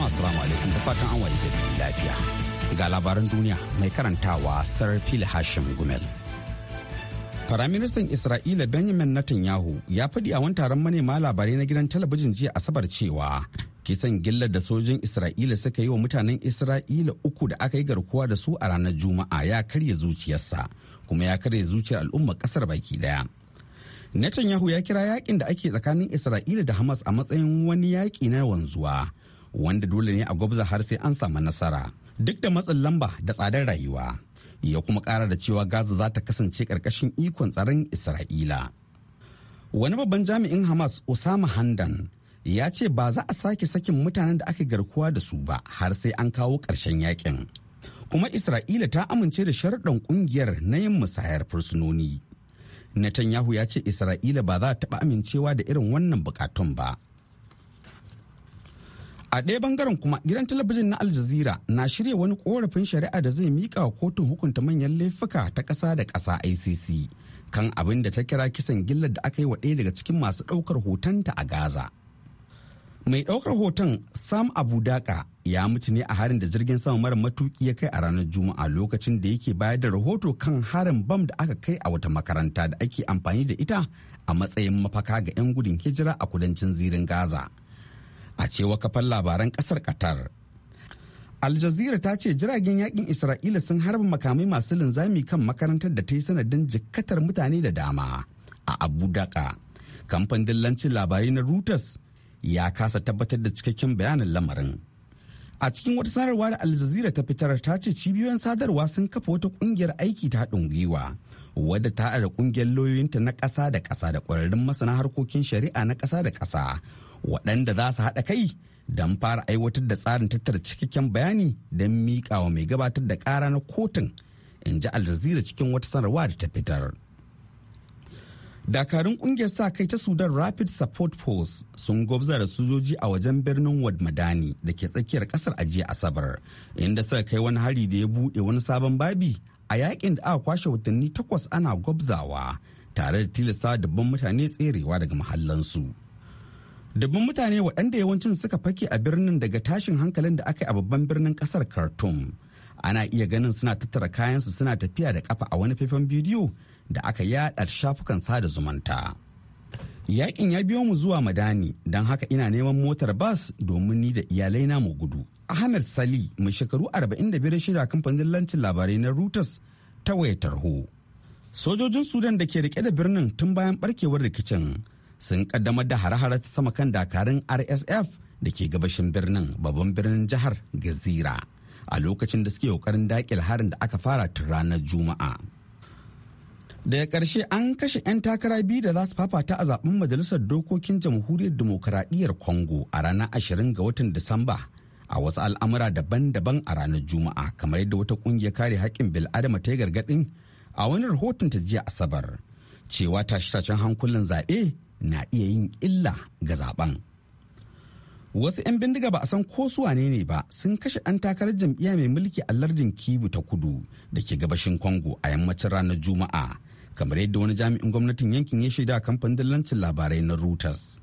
jama'a assalamu alaikum da fatan an waye gari lafiya ga labaran duniya mai karantawa sir fil hashim gumel Firaministan Isra'ila Benjamin Netanyahu ya faɗi a wani taron manema labarai na gidan talabijin jiya Asabar cewa kisan gillar da sojin Isra'ila suka yi wa mutanen Isra'ila uku da aka yi garkuwa da su a ranar Juma'a ya karya zuciyarsa kuma ya karya zuciyar al'ummar kasar baki daya. Netanyahu ya kira yakin da ake tsakanin Isra'ila da Hamas a matsayin wani yaƙi na wanzuwa wanda dole ne a gwabza har sai an samu nasara duk da matsin lamba da tsadar rayuwa ya kuma kara da cewa gaza za ta kasance karkashin ikon tsaron isra'ila wani babban jami'in hamas osama handan ya ce ba za a sake sakin mutanen da aka garkuwa da su ba har sai an kawo ƙarshen yakin kuma isra'ila ta amince da sharuɗan ƙungiyar na yin musayar fursunoni netanyahu ya ce isra'ila ba za ta taɓa amincewa da irin wannan bukatun ba a ɗaya bangaren kuma gidan talabijin na al jazeera na shirya wani korafin shari'a da zai miƙa wa kotun hukunta manyan laifuka ta ƙasa da ƙasa icc kan abin da ta kira kisan gillar da aka yi wa ɗaya daga cikin masu ɗaukar hotonta a gaza mai ɗaukar hoton sam abu daka ya mutu ne a harin da jirgin sama mara matuki ya kai a ranar juma'a lokacin da yake bayar da rahoto kan harin bam da aka kai a wata makaranta da ake amfani da ita a matsayin mafaka ga 'yan gudun hijira a kudancin zirin gaza a cewa kafar labaran kasar qatar al jazeera ta ce jiragen yakin isra'ila sun harba makamai masu linzami kan makarantar da ta yi sanadin jikkatar mutane da dama a abu daka kamfanin dillancin labarai na reuters ya kasa tabbatar da cikakken bayanin lamarin a cikin wata sanarwa da jazeera ta fitar ta ce cibiyoyin sadarwa sun kafa wata kungiyar aiki ta haɗin gwiwa wadda ta haɗa kungiyar lauyoyinta na ƙasa da ƙasa da ƙwararrun masana harkokin shari'a na ƙasa da ƙasa waɗanda za su haɗa kai don fara aiwatar da tsarin tattara cikakken bayani don miƙawa mai gabatar da ƙara na kotun in ji aljazira cikin wata sanarwa da ta fitar dakarun ƙungiyar sa kai ta sudan rapid support force sun gwabza da sojoji a wajen birnin wadmadani da ke tsakiyar ƙasar ajiya asabar inda suka kai wani hari da ya buɗe wani sabon babi a yaƙin da aka kwashe watanni takwas ana gwabzawa tare da tilasta dubban mutane tserewa daga mahallansu. su Dubban mutane waɗanda yawancin suka fake a birnin daga tashin hankalin da aka yi a babban birnin ƙasar Khartoum. Ana iya ganin suna tattara kayansu suna tafiya da kafa a wani faifan bidiyo da aka yaɗa shafukan sada zumunta. Yakin ya biyo mu zuwa Madani don haka ina neman motar bas domin ni da iyalai na mu gudu. Ahmed Sali mai shekaru arba'in da 45 shida kamfanin lancin labarai na Reuters ta wayar tarho. Sojojin Sudan da ke rike da birnin tun bayan barkewar rikicin sun kaddamar da hare-hare ta sama kan dakarun rsf da ke gabashin birnin babban birnin jihar gazira a lokacin da suke kokarin dakil harin da aka fara tun ranar juma'a daga ƙarshe an kashe 'yan takara biyu da za su fafata a zaben majalisar dokokin jamhuriyar demokaradiyyar congo a ranar 20 ga watan disamba a wasu al'amura daban-daban a ranar juma'a kamar yadda wata ƙungiyar kare haƙƙin bil'adama ta yi gargaɗin a wani rahoton ta jiya asabar cewa tashe-tashen hankulin zaɓe na iya yin illa ga zaben. Wasu 'yan bindiga ba a san ko su wane ne ba sun kashe ɗan takarar jam'iyya mai mulki a lardin Kibu ta kudu da ke gabashin Kongo a yammacin ranar Juma'a, kamar yadda wani jami'in gwamnatin yankin ya shaida kamfanin dillancin labarai na Reuters.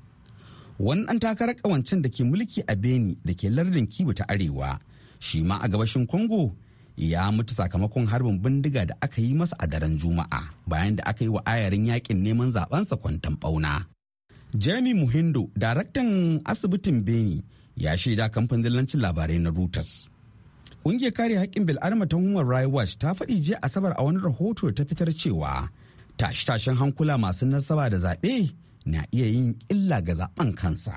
Wani ɗan takarar ƙawancen da ke mulki a Beni da ke lardin Kibu ta Arewa, shi ma a gabashin Kongo? ya mutu sakamakon harbin bindiga da aka yi masa a daren juma'a bayan da aka yi wa ayarin yakin neman zabansa kwantan bauna jeremy muhindo daraktan asibitin beni ya shaida kamfanin dillancin labarai na reuters ƙungiyar kare haƙƙin bil'adama ta human rights watch ta faɗi jiya asabar a wani rahoto ta fitar cewa tashe-tashen hankula masu nasaba da zaɓe na iya yin illa ga zaɓen kansa.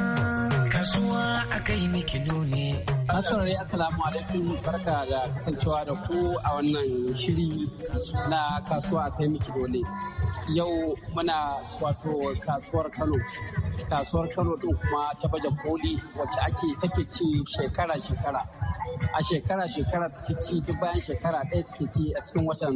kasuwa a kai miki Kasuwar ya salamu alaikum barka da kasancewa da ku a wannan shiri na kasuwa a kai miki dole. Yau muna wato kasuwar Kano. Kasuwar Kano din kuma ta baje koli wacce ake take ci shekara-shekara. A shekara-shekara take ci duk bayan shekara ɗaya take ci a cikin watan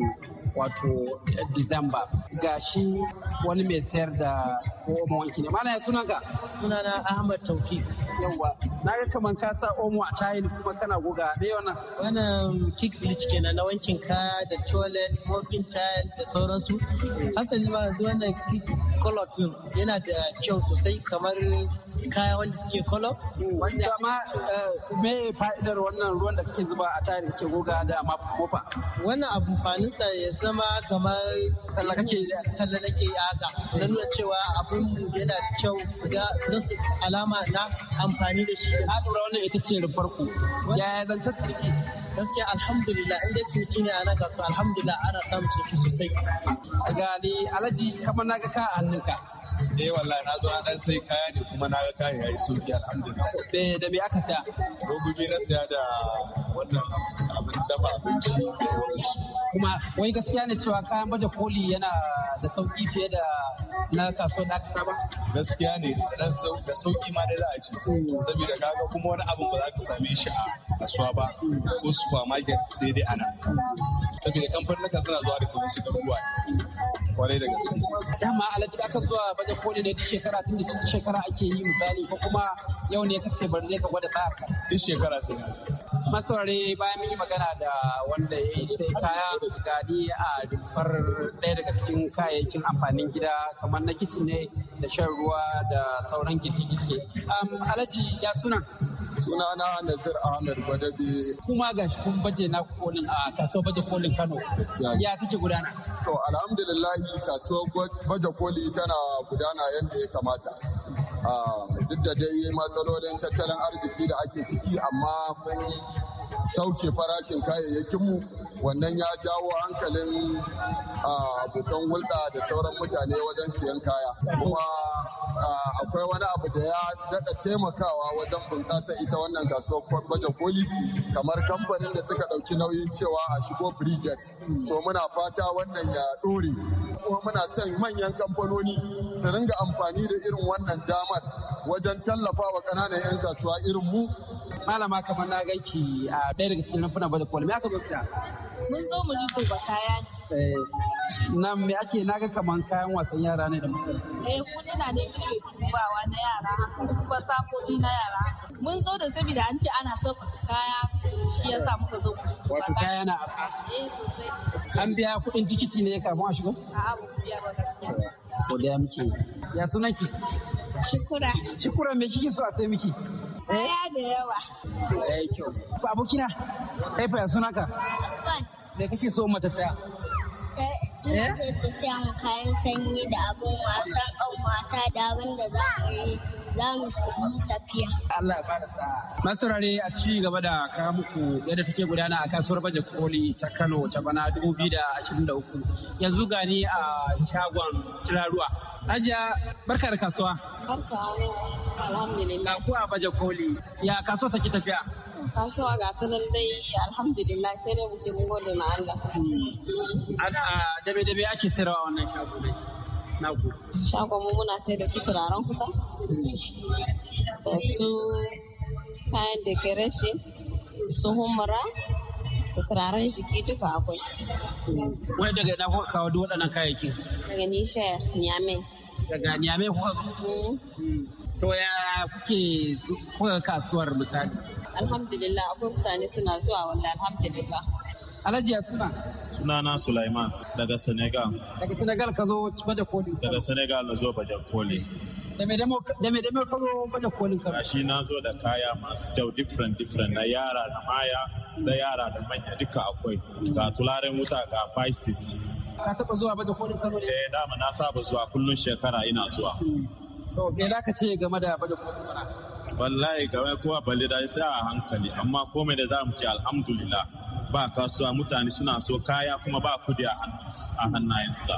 wato eh, Disamba. Ga shi wani mai sayar da omo wanki ne. Malaya sunanka? Sunana Ahmad Taufik. Yawwa, na ga kaman ka sa omo a tayin kuma kana guga me wannan? Wannan kick bleach kenan na wankin ka da toilet, mofin tile da sauransu. Mm. Hasali ma yanzu wannan kick color yana da kyau sosai kamar kaya wanda suke kolo wanda ma eh, me fa'idar wannan ruwan da kake zuba a tare kake goga da mofa wannan amfanin sa ya zama kamar talla kake talla nake haka don nuna cewa abin yana da kyau su ga su alama na amfani da shi na lura wannan ita ce farko. Ya yaya zancen ciniki gaskiya alhamdulillah inda ciniki ne a na kasuwa alhamdulillah ana samun ciniki sosai ga ni alhaji kamar na ga ka a hannunka eh wallahi na zo na dan sai kaya ne kuma na ga kaya yayi sauki alhamdulillah eh da me aka saya robobi na saya da wannan abin dafa abinci kuma wai gaskiya ne cewa kayan baje koli yana da sauki fiye da na kaso da aka saba gaskiya ne da sauki ma da za a ce saboda kaga kuma wani abin ba za ka same shi a kasuwa ba ko supermarket sai dai ana saboda kamfanin suna zuwa da kuma su garuwa kwarai da gaske dama alhaji akan zuwa baje koli ne duk shekara tun da cikin shekara ake yi misali ko kuma yau ne ka ce bari ne ka gwada sa'ar ka duk shekara sai masaurare bayan mun yi magana da wanda ya yi sai kaya ni a rumfar ɗaya daga cikin kayayyakin amfanin gida kamar na kicin ne da shan ruwa da sauran girke-girke alhaji ya sunan sunana Nazir Ahmed Gwadabe. Kuma ga shi kun baje na kolin a kasuwar baje kolin Kano. Ya take gudana? To alhamdulillahi kasuwar baje koli tana gudana yadda ya kamata. Ah, duk da dai matsalolin tattalin arziki da ake ciki amma mun sauke farashin kayayyakinmu wannan ya jawo hankalin ah, abokan hulɗa da sauran mutane wajen siyan kaya. Kuma Ah, akwai wani abu da ya daɗa taimakawa wajen bunƙasa ita wannan kasuwar baje koli kamar kamfanin da suka ɗauki nauyin cewa a shigo brigade so muna fata wannan ya ɗore kuma muna son manyan kamfanoni su ringa amfani da irin wannan damar wajen tallafa wa ƙananan 'yan kasuwa irin mu malama kamar na ganki a ah, ɗaya daga cikin rumfunan baje koli me aka zo mun zo mu riko ba kaya ne Eh, nan me ake naga kaman kayan wasan yara ne da masana. Eh kun na ne muke dubawa na yara kuma sakoni na yara. Mun zo da sabida an ce ana son kaya shi yasa muka zo. Wato kaya na asa. Eh sosai. An biya kuɗin tikiti ne kafin a shigo? A'a ba biya ba gaskiya. Ko da muke. Ya sunan ki? Shukura. Shukura me kike so a sai miki? Eh? Kaya da yawa. Eh kyau. Abokina. Kai fa ya sunaka? Me kake so mata saya? Eh? Ina so ta siya mu kayan sanyi da abin wasan ƙanwata da abin da za mu yi za mu yi tafiya. Allah ba da sa'a. Masu a ci gaba da kawo muku yadda take gudana a kasuwar baje koli ta Kano ta bana 2023. Yanzu gani a shagon kiraruwa. Hajiya barka da kasuwa. Barka alhamdulillah. Ga a baje koli. Ya kasuwa take tafiya? kasuwa ga ta nan dai alhamdulillah sai dai mu ce mun gode ma Allah A dabe dabe ake sayarwa wannan shago dai naku shago mu muna sai da su turaren kuta da su kayan da decoration su humura da turaren jiki duka akwai wani daga ina kuka kawo duk waɗannan kayayyaki daga nishiyar niamey daga niamey kuka mm. to ya kuke kuka kasuwar misali alhamdulillah akwai mutane suna zuwa wanda alhamdulillah alhaji ya suna sunana Sulaiman daga Senegal. Daga Senegal ka zo baje koli. Daga Senegal na zo baje koli. Da me dame ka zo baje koli ka? Shi na zo da kaya masu kyau different different na yara da maya da yara da manya duka akwai. Ga tularen wuta ga Pisces. Ka taɓa zuwa baje kolin Kano ne? Eh dama na saba zuwa kullum shekara ina zuwa. To me za ka ce game da baje kolin Kano? wallahi game kowa balle da sai a hankali amma komai da za mu ce alhamdulillah ba kasuwa mutane suna so kaya kuma ba kudi a hannayensa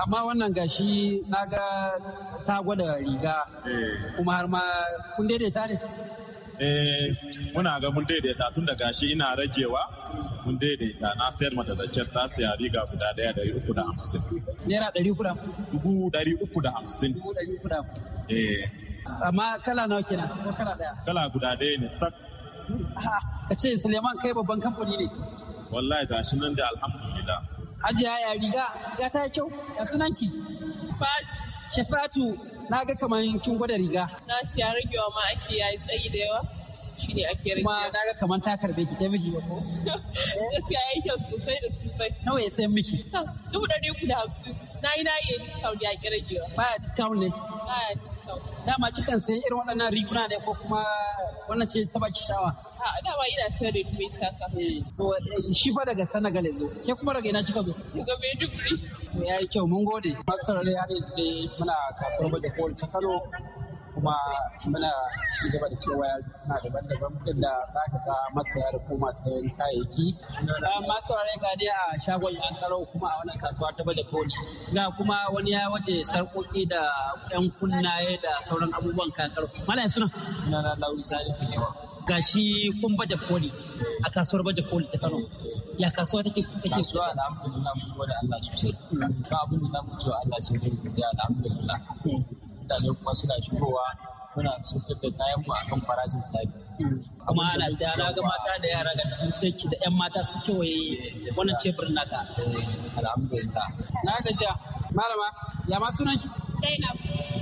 amma wannan gashi na ga ta gwada riga eh. kuma har ma kun daidaita ne eh muna ga mun daidaita tun da gashi ina ragewa mun daidaita na sayar mata da cer ta saya riga guda daya dari uku da hamsin naira dari uku da dubu dari uku da hamsin eh amma kala nawa kenan ko kala daya kala guda daya ne sak ka ce suleiman kai babban kamfani ne wallahi gashi nan da alhamdulillah hajiya ya riga ya ta yi kyau ya sunan ki shafatu na ga kamar kin gwada riga na siya ragewa ma ake yayi tsayi da yawa shi ne ake rage. ma na ga kamar ta karbe ki kai miji ba ko? Gaskiya ya yi kyau sosai da sosai. Nawa ya sayan miki? Dubu ne ku da hamsin. Na yi na yi discount ya ƙi ragewa. ba discount ne? ba discount. dama kikan sayan irin waɗannan riguna ne ko kuma wannan ce ta baki shawa a dama ina son riguna ta ka eh, eh, shi fa daga Senegal yanzu ke kuma daga ina kika zo daga Maiduguri ya yi kyau mun gode masu sarari har yanzu dai muna kasuwar da kowace Kano kuma muna ci gaba da cewa na daban-daban inda za ka ga masaya da kuma sayan kayayyaki. Masu ware ga dai a shagon an karo kuma a wannan kasuwa ta baje koli. Ga kuma wani ya wace sarƙoƙi da ɗan kunnaye da sauran abubuwan kayan tsaro. ya suna? Suna na Lauri su Lewa. Ga shi kun baje koli a kasuwar baje koli ta Kano. ya kasuwa take kake kasuwa alhamdulillah mun da Allah sosai ba abin da na mutuwa Allah ce ya alhamdulillah hmm. mutane kuma suna shigowa muna sukar da kayan mu akan farashin sabi. Kuma ana saya na ga mata da yara ga sun sauki da 'yan mata su kewaye wannan cebur naka. Eh, alhamdulillah. Na gajiya. Malama, ya ma sunan ki? Zainab.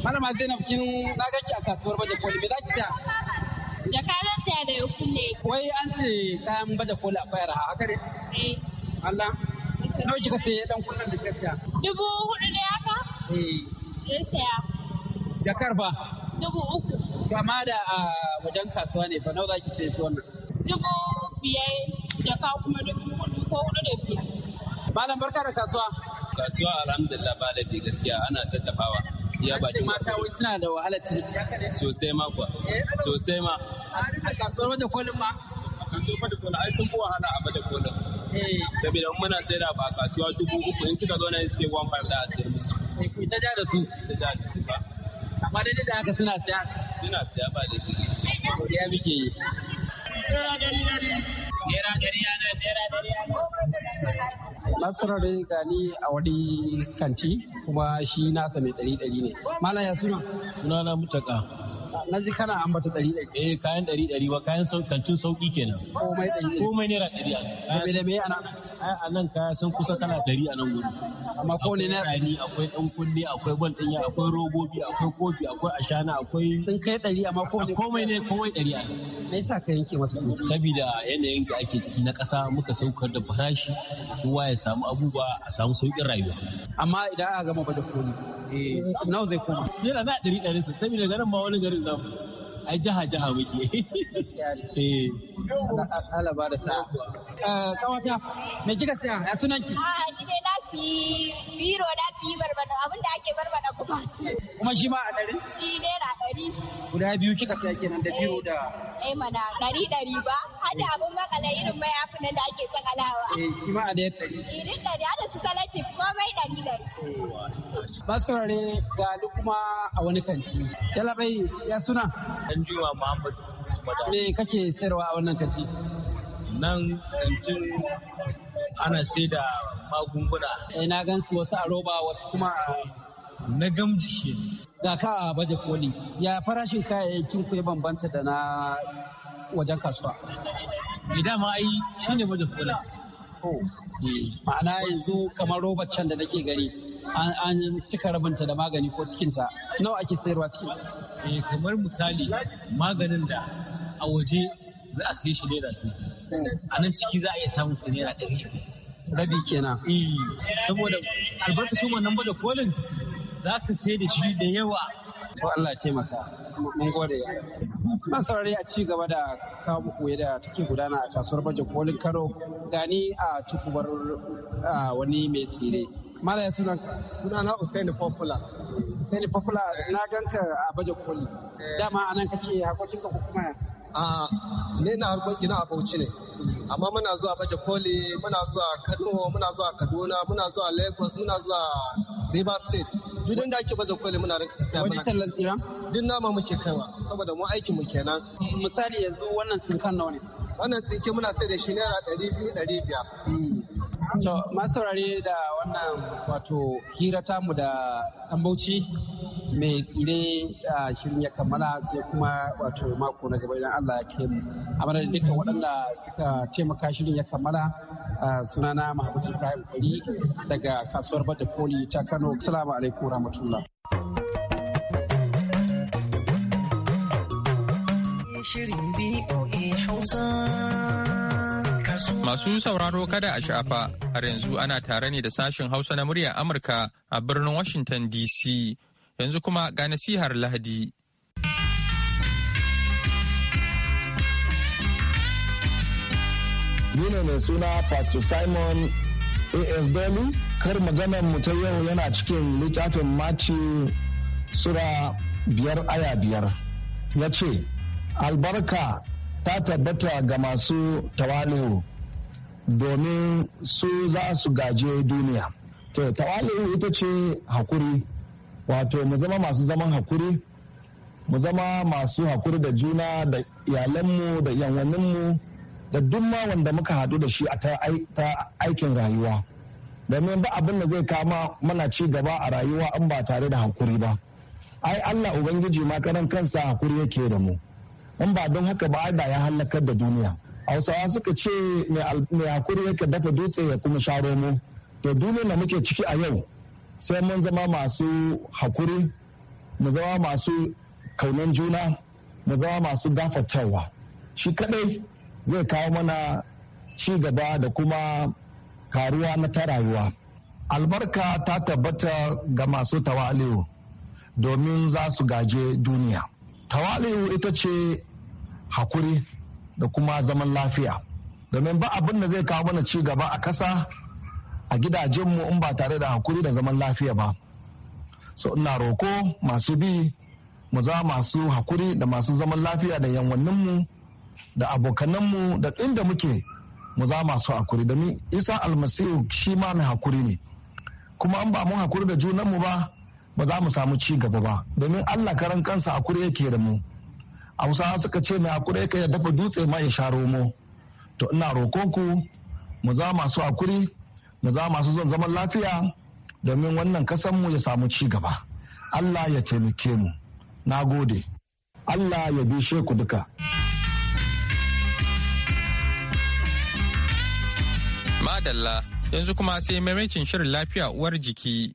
Malama Zainab kin na ki a kasuwar baje koli me za ki saya? Jaka na saya da ya kunne. Wai an ce kayan baje koli a bayar haka ne? Eh. Allah. Nawa kika saye dan kunnen da kika Dubu hudu ne haka? Eh. Ya saya. Jakar ba. Dubu uku. Kama da a wajen kasuwa ne ba nawa zaki sai su wannan. Dubu biyar jaka kuma dubu hudu ko hudu da biyar. Malam barka da kasuwa. Kasuwa alhamdulillah ba da bi gaskiya ana tattafawa. Ya ba da mata wai suna da wahala ciki Sosai ma kuwa. Eh, sosai ma. A kasuwar wajen kolin ma. A kasuwar wajen kolin ai sun fi wahala a wajen kolin. Eh. Saboda muna sai da ba kasuwa dubu uku in suka zo na yin sai one five da a sayar musu. Ku ta ja da su. Ta ja da su ba. amma da haka suna siya suna siya ba da godiya muke yi Nasarar gani a wani kanti kuma shi nasa mai ɗari ɗari ne. Mala ya suna? Suna na mutaka. na ji kana ambata ɗari ɗari. Eh kayan ɗari ɗari ba kayan kantin sauƙi kenan. Komai ɗari. ɗari. Komai naira ɗari. Komai da me ana? a nan kaya sun kusa kana ɗari a nan gudu amma ko ne na rani akwai ɗan kunne akwai din ya akwai robobi akwai kofi akwai ashana akwai sun kai ɗari amma ko ne komai ne komai ɗari a nan me yasa ka yanke masa kuɗi saboda yanayin da ake ciki na ƙasa muka saukar da farashi kowa ya samu abubuwa a samu sauƙin rayuwa amma idan aka gama baje koli eh, nawa zai koma yana na ɗari ɗari saboda garin ba wani garin zamu ai jaha jaha muke eh Allah ba da sa'a kawata eh, me kika siya ya sunan ki a ah, ni na si biro na si barbada abin da ake barbada kuma ce kuma shi ma a ɗari? ni naira ɗari. guda biyu kika saya kenan da biro da eh, eh mana ɗari ɗari ba hada abun makala irin mayafin nan da ake sakalawa. Eh shi ma a eh, da ɗari. Irin ɗari hada su salati komai ɗari ɗari. Basirare ga kuma a wani kanti. Yalabai ya suna? Dan Juma Muhammadu. Me kake sayarwa a wannan kanti? Nan kantin ana sai da magunguna. Eh na gan su wasu a roba wasu kuma na gamji. Ga ka a baje koli. Ya farashin kayayyakin ku ya bambanta da na wajen kasuwa mai eh, ma ai shine kula. Oh. Eh, ma'ana yanzu kamar robar can da nake gani an cika rabinta da magani ko cikinta nawa ake sayarwa ciki? Eh, kamar misali maganin da a waje za a sai shi naira a nan ciki za a iya samun su naira ɗari rabi kenan saboda albarkacin wannan bada kolin za ka sai da shi da yawa to Allah ce maka mun gode ban saurari a ci gaba da kawo muku da take gudana a kasuwar baje kolin karo gani a tukubar wani mai tsire malaya suna suna na Usaini Popular Usaini Popular na ganka a baje koli eh. dama anan kake hakokin ka kuma a ne na harkokin na Bauchi ne amma muna zuwa baje koli muna zuwa Kano muna zuwa Kaduna muna zuwa Lagos muna zuwa River State duk inda ake baza koli muna rinka tafiya wani tallan tsira duk nama muke kaiwa saboda mu aikin mu kenan misali yanzu wannan tsinkan nawa ne wannan tsinke muna sai da shi naira ɗari biyu ɗari biyar hmm. to masu saurare da wannan wato hira tamu da ɗan bauchi mai tsire a shirin ya kammala sai kuma wato mako na gaba idan Allah ya kai mu a madadin dukkan waɗanda suka taimaka shirin ya kammala sunana Mahmud Ibrahim kuri daga kasuwar Bada Koli ta Kano assalamu alaikum rahmatullah Masu sauraro kada a shafa, har yanzu ana tare ne da sashen Hausa na muryar Amurka a birnin Washington DC yanzu kuma ga nasihar lahadi. Nuna mai suna Pastor Simon A.S. Dolly, kar maganar mu ta yau yana cikin littafin Matthew Sura biyar aya biyar. Ya ce, Albarka ta tabbata ga masu tawali'u domin su za su gaje duniya. To, tawali'u ita ce hakuri wato mu zama masu zaman hakuri mu zama masu hakuri da juna da iyalanmu da yanwaninmu da duk ma wanda muka hadu da shi a ta aikin rayuwa domin ba abin da zai kama mana ci gaba a rayuwa in ba tare da hakuri ba ai allah ubangiji ma karan kansa hakuri yake da mu in ba don haka ba da ya halakar da duniya hausawa suka ce mai hakuri yake dafa dutse ya kuma sha romo to duniya da muke ciki a yau sai mun zama masu hakuri mu zama masu kaunan juna mu zama masu gafatawa shi kadai zai kawo mana ci gaba da kuma karuwa na ta rayuwa albarka ta tabbata ga masu tawali'u domin za su gaje duniya tawali'u ita ce hakuri da kuma zaman lafiya domin ba abin da zai kawo mana ci gaba a kasa a gidajenmu in ba tare da hakuri da zaman lafiya ba so ina roko masu bi mu za masu hakuri da masu zaman lafiya da yanwanninmu da abokananmu da inda muke mu za masu hakuri Da domin isa almasihu shi ma mai hakuri ne kuma an ba mun hakuri da junanmu ba ba za mu samu ci gaba ba domin allah karan kansa hakuri yake da mu hausawa suka ce mai hakuri yake ya dafa dutse ma ya sha romo to ina roko ku mu za masu hakuri mu za masu zan zaman lafiya domin wannan kasanmu ya samu ci gaba allah ya taimake mu na gode allah ya bishe ku duka madalla yanzu kuma sai maimakin shirin lafiya uwar jiki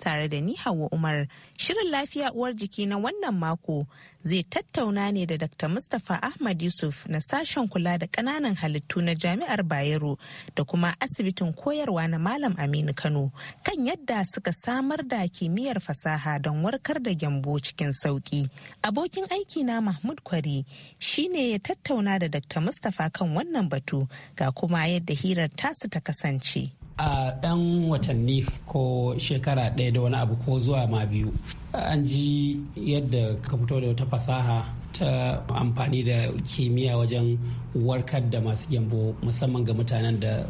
tare da ni Hauwa Umar. Shirin lafiya uwar jiki na wannan mako zai tattauna ne da Dr. Mustapha Ahmad Yusuf na sashen kula da ƙananan halittu na Jami'ar Bayero da kuma asibitin koyarwa na Malam Aminu Kano kan yadda suka samar da kimiyyar fasaha don warkar da gyambo cikin sauƙi. Abokin aiki na Mahmud Kwari shine ya tattauna da Dr. Mustapha kan wannan batu ga kuma yadda hirar tasu ta kasance. a ɗan watanni ko shekara ɗaya da wani abu ko zuwa ma biyu an ji yadda ka fito da wata fasaha ta amfani da kimiyya wajen warkar da masu gyambo musamman ga mutanen da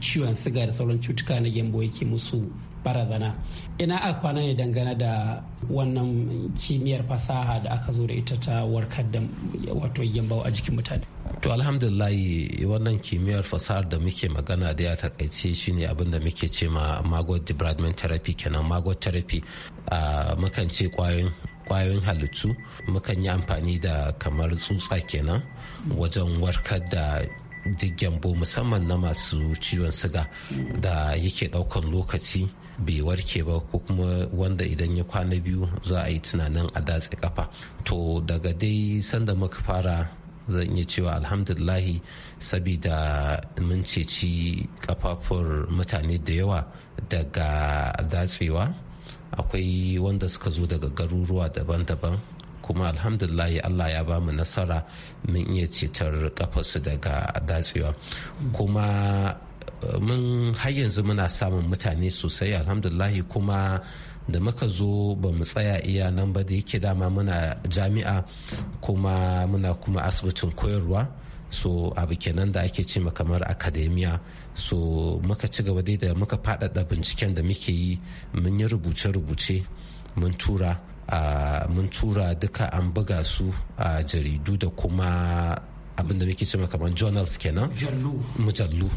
ciwon siga da sauran cutuka na gyambo yake musu barazana ina a kwana ne dangane da wannan kimiyyar fasaha da aka zo da ita ta warkar da wato gyambo a jikin mutane to alhamdulillahi wannan kimiyyar fasahar da muke magana da ya takaice shine abin da muke ce ma magot debridement therapy kenan magot therapy a mukan ce kwayoyin kwayoyin halittu mukan yi amfani da kamar tsutsa kenan wajen warkar da duk gyambo musamman na masu ciwon siga da yake daukan lokaci bai warke ba ko kuma wanda idan ya kwana biyu za a yi tunanin a datse kafa to daga dai sanda muka fara zan iya cewa alhamdulillahi sabida mun ceci kafafur mutane da yawa daga datsewa akwai wanda suka zo daga garuruwa daban-daban kuma alhamdulillahi allah ya ba mu nasara mun iya cetar kafarsu daga datsewa kuma eh, mun har yanzu muna samun mutane sosai alhamdulillahi kuma da muka zo ba mu tsaya iya nan ba da yake dama muna jami'a kuma muna kuma asibitin koyarwa so abu kenan da ake ce kamar akademiya so muka ci gaba dai da muka faɗaɗa binciken da muke yi mun yi rubuce-rubuce mun tura ah, mun tura duka an buga su a jaridu da kuma abin da muke cewa kamar journals kenan mujallu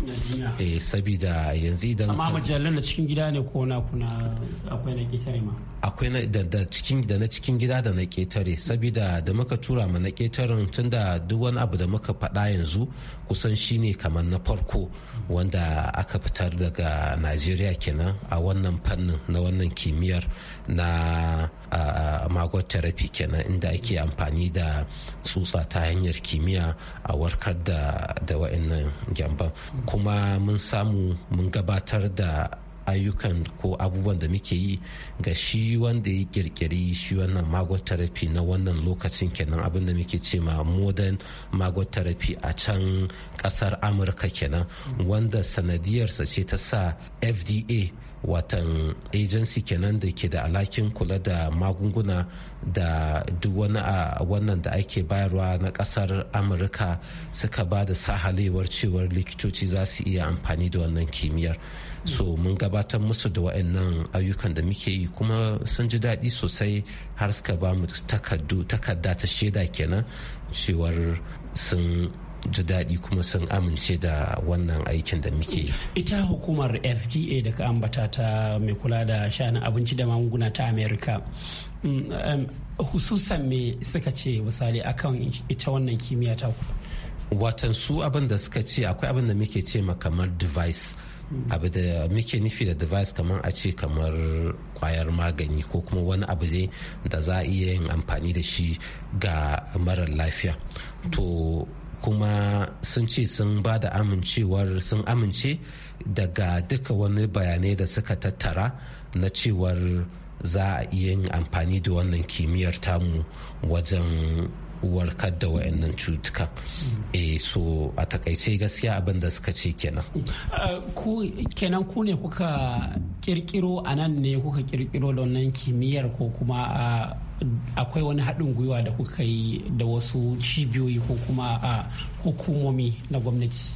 eh sabida yanzu idan amma mujallan da cikin gida ne ko na kuna akwai na ketare ma akwai na da cikin da na cikin gida da na ketare sabida da muka tura ma na ketaren tunda duk wani abu da muka faɗa yanzu kusan shine kamar na farko wanda aka fitar daga najeriya kenan a wannan fannin na wannan kimiyyar na magot therapy kenan inda ake amfani da tsutsa ta hanyar kimiyya a warkar da wa'annan gyamban kuma mun samu mun gabatar da ayyukan ko abubuwan da muke yi ga shi wanda ya kirkiri shi wannan magot therapy na wannan lokacin kenan abin da muke ce ma modern magot therapy a can kasar amurka kenan wanda sanadiyarsa ce ta sa fda watan agency kenan da ke da alhakin kula da magunguna da duk wani a wannan da ake bayarwa na kasar amurka suka ba da sahalewar cewar likitoci za su iya amfani da wannan kimiyyar so mun gabatar musu da wa'annan ayyukan da muke yi kuma sun ji daɗi sosai har suka ba mu takarda ta shaida kenan cewar sun ji daɗi kuma sun amince da wannan aikin da muke ita hukumar fda da ka ambata ta mai kula da sha'anin abinci da magunguna ta Amerika mm, hususan me suka ce misali akan ita wannan kimiyya ta ku watan su abin da suka ce akwai abin da muke ce kamar device mm. abu da muke nufi da device kamar a ce kamar kwayar magani ko kuma wani abu ne da za a iya yin amfani da shi ga marar lafiya to kuma sun ce sun ba da amincewar sun amince daga duka wani bayanai da suka tattara na cewar za a iya yin amfani da wannan kimiyyar tamu wajen warkar da wayannan cutukan eh so a takaice gaskiya abin da suka ce kenan uh, ku kenan ku ne kuka kirkiro anan ne kuka kirkiro da wannan kimiyyar ko kuma uh, akwai wani haɗin gwiwa da kuka yi da wasu cibiyoyi ko kuma a hukumomi na gwamnati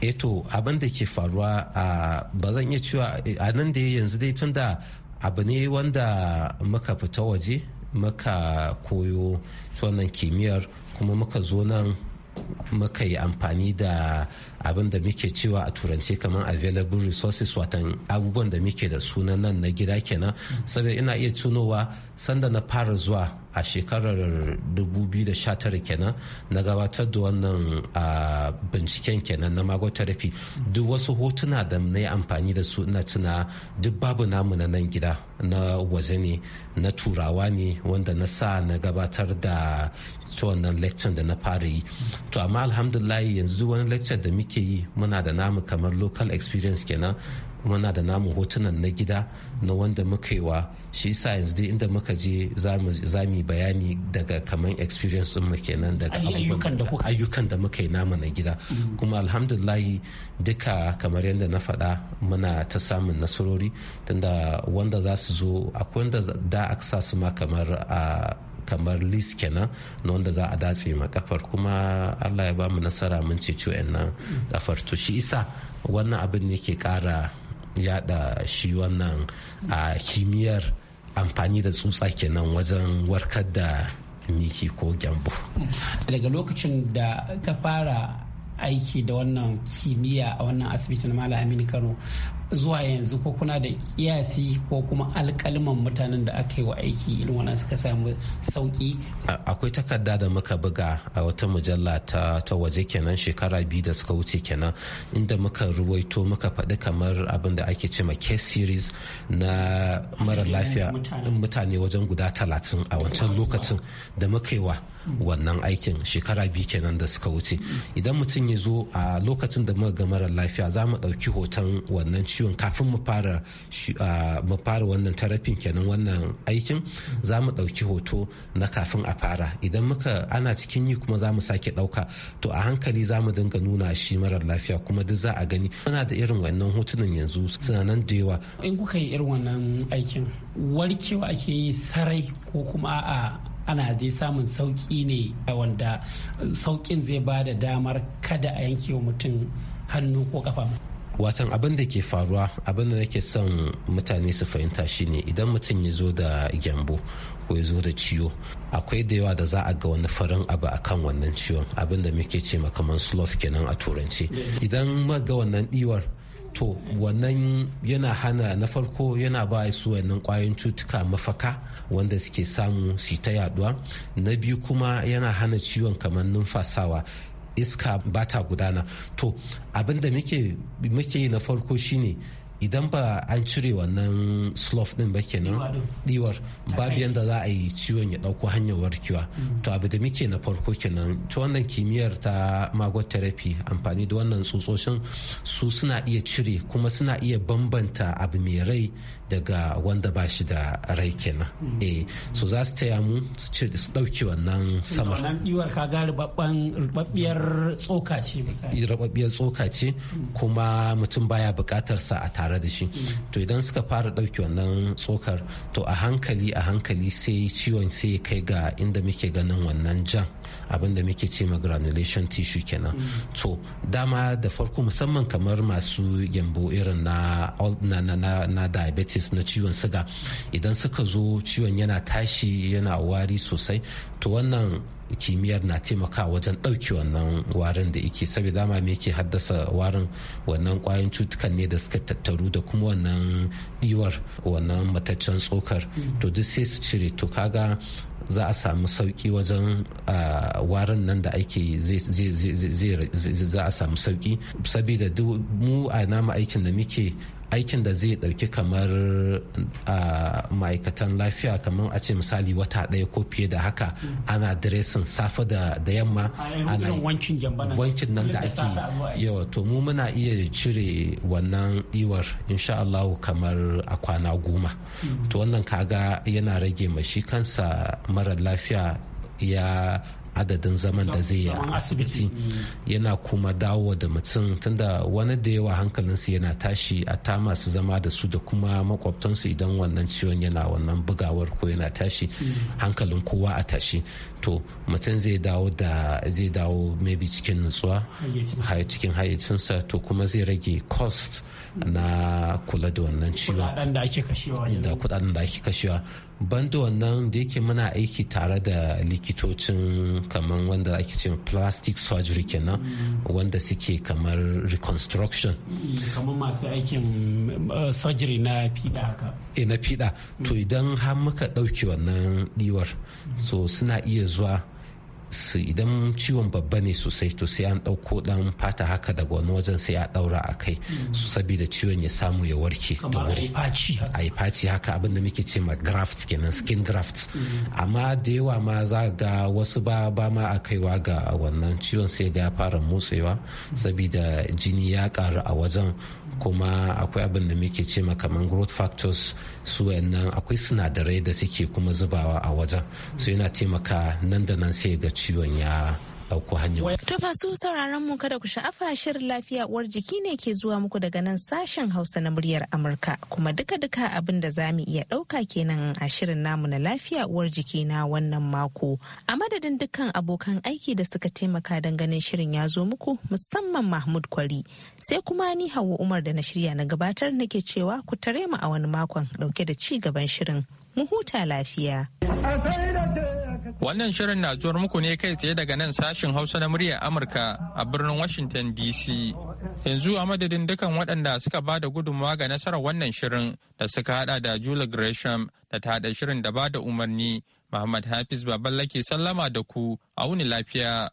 eto eh abin da ke faruwa a ba zan iya cewa a nan da yanzu dai tun da abu ne wanda muka fita waje muka koyo wannan kimiyyar kuma muka zo nan muka yi amfani da abin da muke cewa a turanci kamar available resources watan abubuwan da muke da sunan nan na gida kenan saboda ina iya tunowa sanda na fara zuwa a shekarar 2019 kenan na gabatar da wannan binciken kenan na magotarafi duk wasu hotuna da na yi amfani da su ina tuna duk babu namu na nan gida na waje ne na turawa ne wanda na sa na gabatar da wannan lecture da na fara yi to amma alhamdulahi yanzu wani lecture da muke muke yi muna da namu kamar local experience kenan muna da namu hotunan na gida na wanda muka yi wa shi science yanzu dai inda muka je za mu bayani daga kamar experience mu kenan daga ayyukan da muka yi namu na gida mm. kuma alhamdulahi duka kamar yadda na faɗa muna ta samun nasarori tunda wanda za su zo akwai wanda da aka sa su ma kamar a ah, kamar lis kenan na wanda za a datse ma kafar kuma allah ya ba mu nasara mun ce ceci nan kafar to shi isa wannan abin ne ke kara yada shi wannan a kimiyyar amfani da tsutsa kenan wajen warkar da miki ko gyambo daga lokacin da ka fara aiki da wannan kimiyya a wannan asibitin mala aminu kano zuwa yanzu ko kuna da kiyasi ko kuma alkalman mutanen da aka yi wa aiki irin wannan suka samu sauki akwai takarda da muka buga a wata mujalla ta, waje kenan shekara biyu da suka wuce kenan inda muka ruwaito muka faɗi kamar abin da ake ce case series na mara lafiya mutane wajen guda talatin a wancan lokacin da muka yi wa wannan aikin shekara biyu kenan da suka wuce idan mutum ya zo a lokacin da muka ga mara lafiya za mu ɗauki hoton wannan ciwon kafin mu fara mu fara wannan tarafin kenan wannan aikin za mu ɗauki hoto na kafin a fara idan muka ana cikin yi kuma za mu sake ɗauka to a hankali za mu dinga nuna shi marar lafiya kuma duk za a gani muna da irin wannan hotunan yanzu suna nan da yawa in kuka yi irin wannan aikin warkewa ake yi sarai ko kuma a ana dai samun sauki ne wanda saukin zai ba da damar kada a yanke wa mutum hannu ko kafa watan abin da ke faruwa abin da nake son mutane su fahimta shine idan mutum ya zo da gyambo ko ya zo da ciwo akwai da yawa da za a ga wani farin abu a kan wannan ciwon abin da muke ce makaman sloth kenan a turanci idan ga wannan diwar to wannan yana hana na farko yana ba su wannan kwayoyin cutuka mafaka wanda suke samu su ta yaduwa na biyu kuma yana hana ciwon kamar numfasawa iska ba ta gudana to abin da muke yi na farko shine idan ba an cire wannan slough din ba kenan diwar babu yadda za a yi ciwon ya dauko hanyar warkewa mm. to abu da muke na farko kenan ta wannan kimiyyar ta magot therapy amfani da wannan tsutsoshin su suna iya cire kuma suna iya bambanta abu mai rai daga wanda ba shi da rai kenan mm. eh so za su taya mu su dauke wannan samar. wannan diwar ka ga rubabbiyar tsoka ce rubabbiyar tsoka ce mm. kuma mutum baya bukatar sa a tare tare da shi mm. to idan suka fara ɗauke wannan tsokar to a hankali a hankali sai ciwon sai ya kai ga inda muke ganin wannan jan abin da muke ce ma granulation tissue kenan to dama da farko musamman kamar masu gyambo irin na na diabetes na ciwon siga idan suka zo ciwon yana tashi yana wari sosai to wannan kimiyyar na taimaka wajen ɗauke wannan warin da yake saboda ma me yake haddasa warin wannan kwayan cutukan ne da suka tattaru da kuma wannan diwar wannan mataccen tsokar to duk sai su cire to kaga za a samu sauki wajen warin nan da ake za a samu sauki saboda mu a nama aikin da muke aikin da zai ɗauki kamar a ma'aikatan lafiya kamar a ce misali wata ɗaya ko fiye da haka ana diresin safe da yamma ana wankin nan da ake yawa to mu muna iya cire wannan iwar insha Allah kamar a kwana goma mm-hmm. to wannan kaga yana rage ma kansa mara lafiya ya adadin zaman da zai yi asibiti yana kuma dawo da mutum tunda wani da yawa hankalinsu yana tashi a ta masu zama da su da kuma makwabtansu idan wannan ciwon yana wannan bugawar ko yana tashi hankalin kowa a tashi to mutum zai dawo da zai dawo maybe cikin nutsuwa cikin hayyacinsa to kuma zai rage cost na kula da wannan ciwon kudaden da ake kashewa banda wannan da yake muna aiki tare da likitocin kamar wanda ake ce plastic surgery kenan mm. wanda suke kamar reconstruction mm, kamar masu aikin eh, surgery na fiɗa haka eh, na fiɗa to mm. idan har muka ɗauki wannan diwar so suna iya zuwa su idan ciwon babba ne sosai to sai an ɗauko ɗan fata haka daga wani wajen sai a ɗaura a kai su saboda ciwon ya samu ya warke da wuri a yi faci haka abin da muke ce ma graft kenan skin graft amma da yawa ma za ga wasu ba ba ma a kaiwa ga wannan ciwon sai ga ya fara motsewa saboda jini ya karu a wajen kuma akwai abin da muke ce kaman growth factors su wayannan akwai sinadarai da suke kuma zubawa a wajen su yana taimaka nan da nan sai ga ciwon ya ɗauko hanyar. To masu sauraron mu kada ku sha'afa shirin lafiya uwar jiki ne ke zuwa muku daga nan sashen Hausa na muryar Amurka kuma duka-duka abin da za mu iya ɗauka kenan a shirin namu na lafiya uwar jiki na wannan mako. A madadin dukkan abokan aiki da suka taimaka don ganin shirin ya zo muku musamman Mahmud Kwari. Sai kuma ni Hauwa Umar da na shirya na gabatar nake cewa ku tare mu a wani makon ɗauke da ci gaban shirin. Mu huta lafiya. Wannan shirin na zuwar muku ne kai tsaye daga nan sashin Hausa na muryar Amurka a birnin Washington DC. Yanzu a madadin dukan waɗanda suka ba da gudunmawa ga nasarar wannan shirin da suka hada da Julie Gresham da ta haɗa shirin da ba da umarni Muhammad Hafiz ke sallama da ku a wuni lafiya.